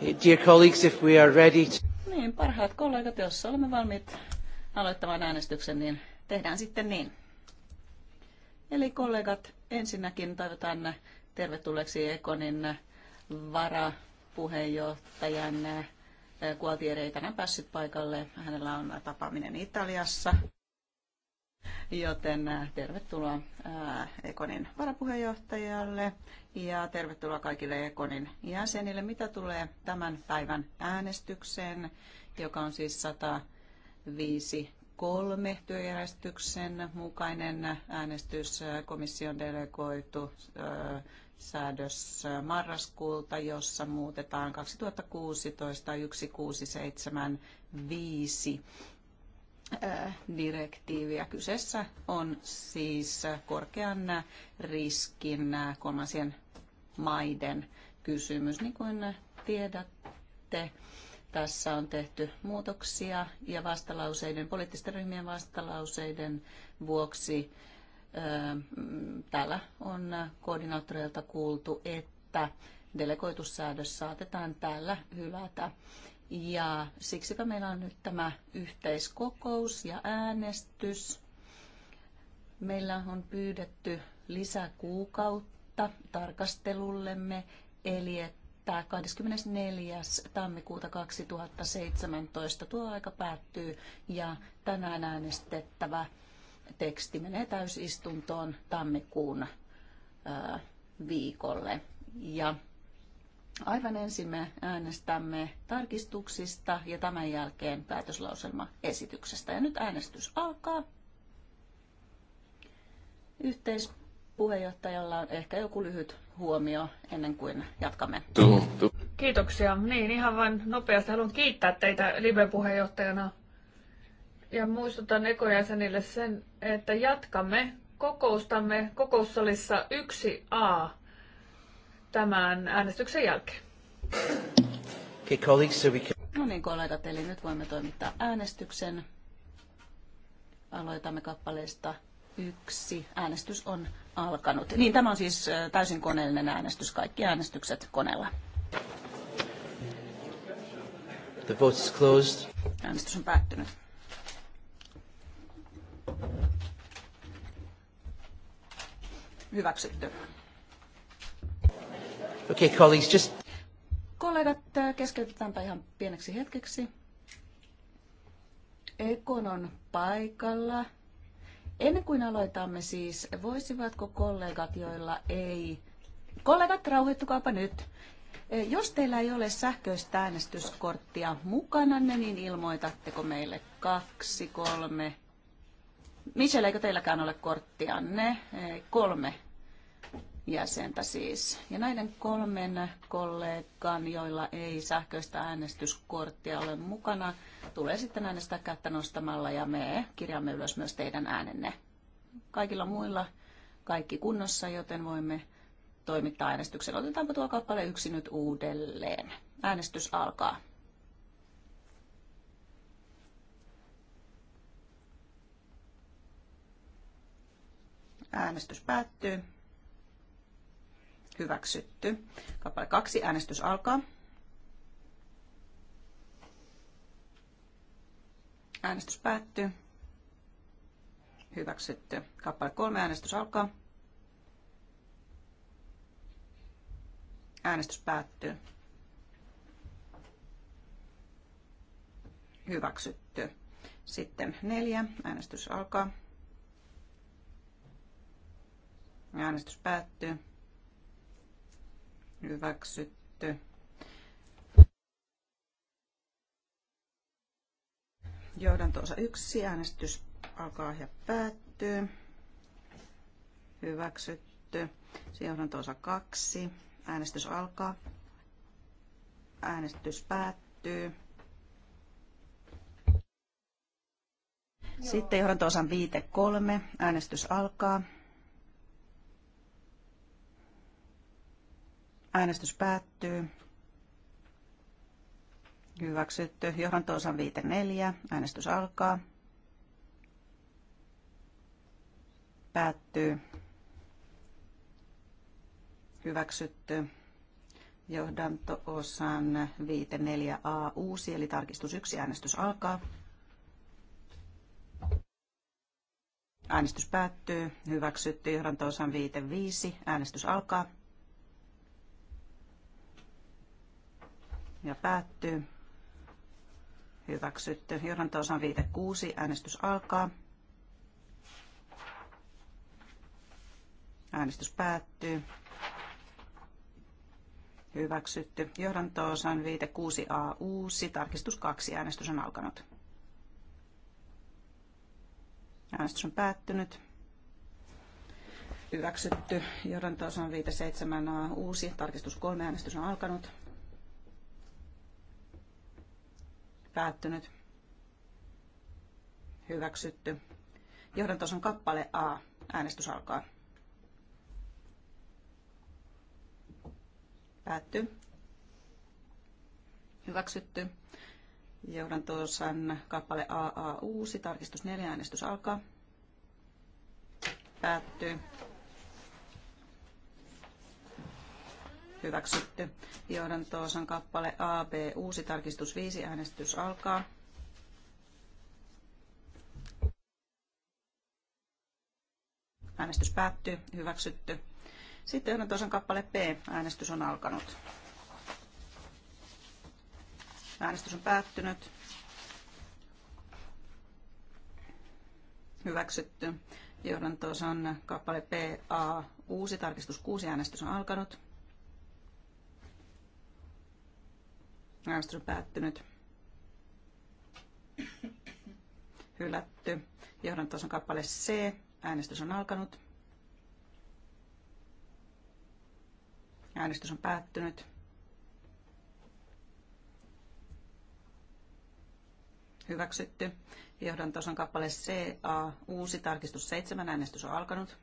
Dear colleagues, if we are ready to... Niin, parhaat kollegat, jos olemme valmiit aloittamaan äänestyksen, niin tehdään sitten niin. Eli kollegat, ensinnäkin toivotan tervetulleeksi Ekonin varapuheenjohtajan Kualtieri eh, ei tänään päässyt paikalle. Hänellä on tapaaminen Italiassa. Joten äh, tervetuloa äh, Ekonin varapuheenjohtajalle ja tervetuloa kaikille Ekonin jäsenille. Mitä tulee tämän päivän äänestykseen, joka on siis 105 kolme työjärjestyksen mukainen äänestys komission delegoitu äh, säädös marraskuulta, jossa muutetaan 2016 1675 direktiiviä. Kyseessä on siis korkean riskin kolmansien maiden kysymys. Niin kuin tiedätte, tässä on tehty muutoksia ja vastalauseiden, poliittisten ryhmien vastalauseiden vuoksi täällä on koordinaattoreilta kuultu, että delegoitussäädös saatetaan täällä hylätä. Ja siksipä meillä on nyt tämä yhteiskokous ja äänestys. Meillä on pyydetty lisäkuukautta tarkastelullemme, eli että 24. tammikuuta 2017 tuo aika päättyy ja tänään äänestettävä teksti menee täysistuntoon tammikuun viikolle. Ja Aivan ensin me äänestämme tarkistuksista ja tämän jälkeen päätöslauselma esityksestä. Ja nyt äänestys alkaa. Yhteispuheenjohtajalla on ehkä joku lyhyt huomio ennen kuin jatkamme. Kiitoksia. Niin, ihan vain nopeasti haluan kiittää teitä Libe-puheenjohtajana. Ja muistutan ekojäsenille sen, että jatkamme kokoustamme kokoussalissa 1A tämän äänestyksen jälkeen. Okay, colleagues, so we can... No niin, kollegat, eli nyt voimme toimittaa äänestyksen. Aloitamme kappaleesta yksi. Äänestys on alkanut. Niin, tämä on siis täysin koneellinen äänestys. Kaikki äänestykset koneella. The vote is closed. Äänestys on päättynyt. Hyväksytty. Okay, colleagues, just... Kollegat, äh, keskeytetäänpä ihan pieneksi hetkeksi. Ekon on paikalla. Ennen kuin aloitamme siis, voisivatko kollegat, joilla ei... Kollegat, rauhoittukaapa nyt. Äh, jos teillä ei ole sähköistä äänestyskorttia mukana, niin ilmoitatteko meille kaksi, kolme... Michelle, eikö teilläkään ole korttianne? Äh, kolme jäsentä siis. Ja näiden kolmen kollegan, joilla ei sähköistä äänestyskorttia ole mukana, tulee sitten äänestää kättä nostamalla ja me kirjaamme ylös myös teidän äänenne. Kaikilla muilla kaikki kunnossa, joten voimme toimittaa äänestyksen. Otetaanpa tuo kappale yksi nyt uudelleen. Äänestys alkaa. Äänestys päättyy hyväksytty. Kappale kaksi äänestys alkaa. Äänestys päättyy. Hyväksytty. Kappale kolme äänestys alkaa. Äänestys päättyy. Hyväksytty. Sitten neljä. Äänestys alkaa. Äänestys päättyy hyväksytty. Johdanto-osa 1, äänestys alkaa ja päättyy. Hyväksytty. Johdanto-osa 2, äänestys alkaa. Äänestys päättyy. Sitten johdanto-osan viite kolme. Äänestys alkaa. Äänestys päättyy. Hyväksytty. Johdanto-osan viite neljä. Äänestys alkaa. Päättyy. Hyväksytty. Johdanto-osan viite neljä a uusi, eli tarkistus 1. Äänestys alkaa. Äänestys päättyy. Hyväksytty. Johdanto-osan viite viisi Äänestys alkaa. ja päättyy. Hyväksytty. johdanto osa viite Äänestys alkaa. Äänestys päättyy. Hyväksytty. johdanto osa viite a uusi. Tarkistus 2. Äänestys on alkanut. Äänestys on päättynyt. Hyväksytty. johdanto osa viite a uusi. Tarkistus 3. Äänestys on alkanut. Päättynyt. Hyväksytty. Johdantason kappale A. Äänestys alkaa. Päättyy. Hyväksytty. Johdantosan kappale AA uusi. Tarkistus 4. Äänestys alkaa. Päättyy. hyväksytty. Johdantoosan kappale AB, uusi tarkistus 5, äänestys alkaa. Äänestys päättyy, hyväksytty. Sitten johdantoosan kappale B, äänestys on alkanut. Äänestys on päättynyt. Hyväksytty. Johdantoosan kappale PA, uusi tarkistus 6, äänestys on alkanut. Äänestys on päättynyt. Hylätty. Johdantos on kappale C. Äänestys on alkanut. Äänestys on päättynyt. Hyväksytty. Johdantos on kappale CA. Uusi tarkistus 7. Äänestys on alkanut.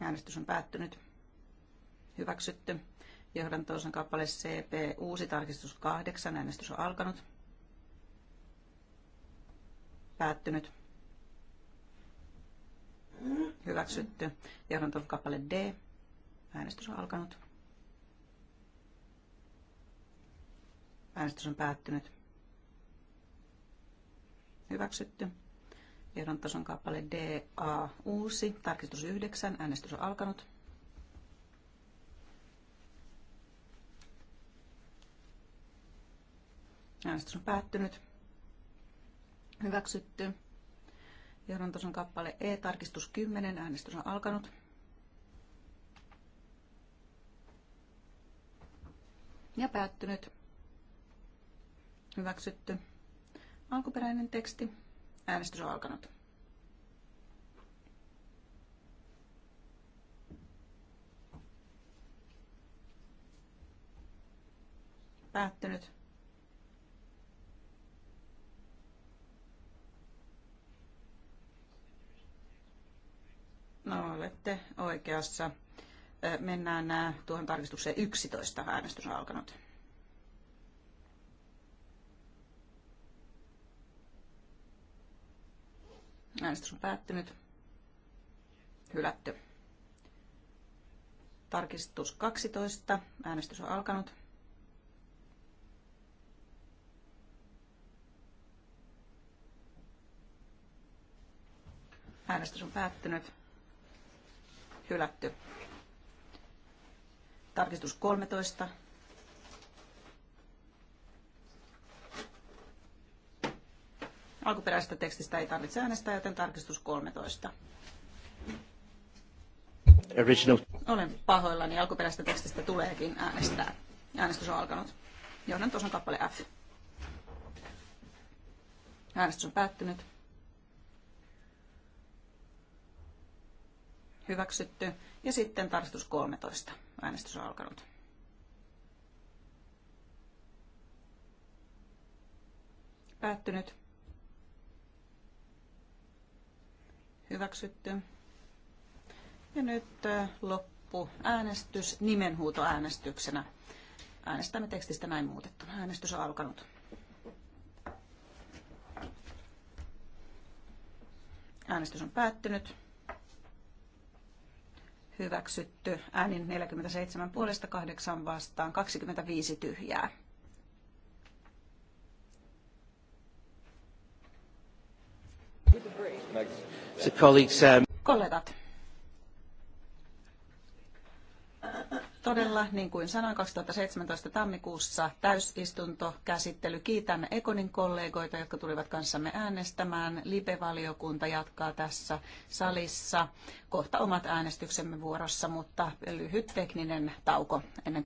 Äänestys on päättynyt hyväksytty. Johdantoosan kappale CP, uusi tarkistus 8, äänestys on alkanut. Päättynyt. Hyväksytty. Johdantoosan kappale D, äänestys on alkanut. Äänestys on päättynyt. Hyväksytty. Johdon tason kappale DA uusi. Tarkistus 9. Äänestys on alkanut. Äänestys on päättynyt. Hyväksytty. Johdon tason kappale E, tarkistus 10. Äänestys on alkanut. Ja päättynyt. Hyväksytty. Alkuperäinen teksti. Äänestys on alkanut. Päättynyt. olette oikeassa. Mennään tuohon tarkistukseen 11. Äänestys on alkanut. Äänestys on päättynyt. Hylätty. Tarkistus 12. Äänestys on alkanut. Äänestys on päättynyt hylätty. Tarkistus 13. Alkuperäisestä tekstistä ei tarvitse äänestää, joten tarkistus 13. Original. Olen pahoillani. Alkuperäisestä tekstistä tuleekin äänestää. Äänestys on alkanut. Johdan tuossa on kappale F. Äänestys on päättynyt. hyväksytty. Ja sitten tarkistus 13. Äänestys on alkanut. Päättynyt. Hyväksytty. Ja nyt äh, loppu äänestys nimenhuutoäänestyksenä. Äänestämme tekstistä näin muutettuna. Äänestys on alkanut. Äänestys on päättynyt hyväksytty äänin 47 puolesta 8 vastaan 25 tyhjää. So um... Kollegat, todella, niin kuin sanoin, 2017 tammikuussa käsittely. Kiitän Ekonin kollegoita, jotka tulivat kanssamme äänestämään. Libe-valiokunta jatkaa tässä salissa kohta omat äänestyksemme vuorossa, mutta lyhyt tekninen tauko ennen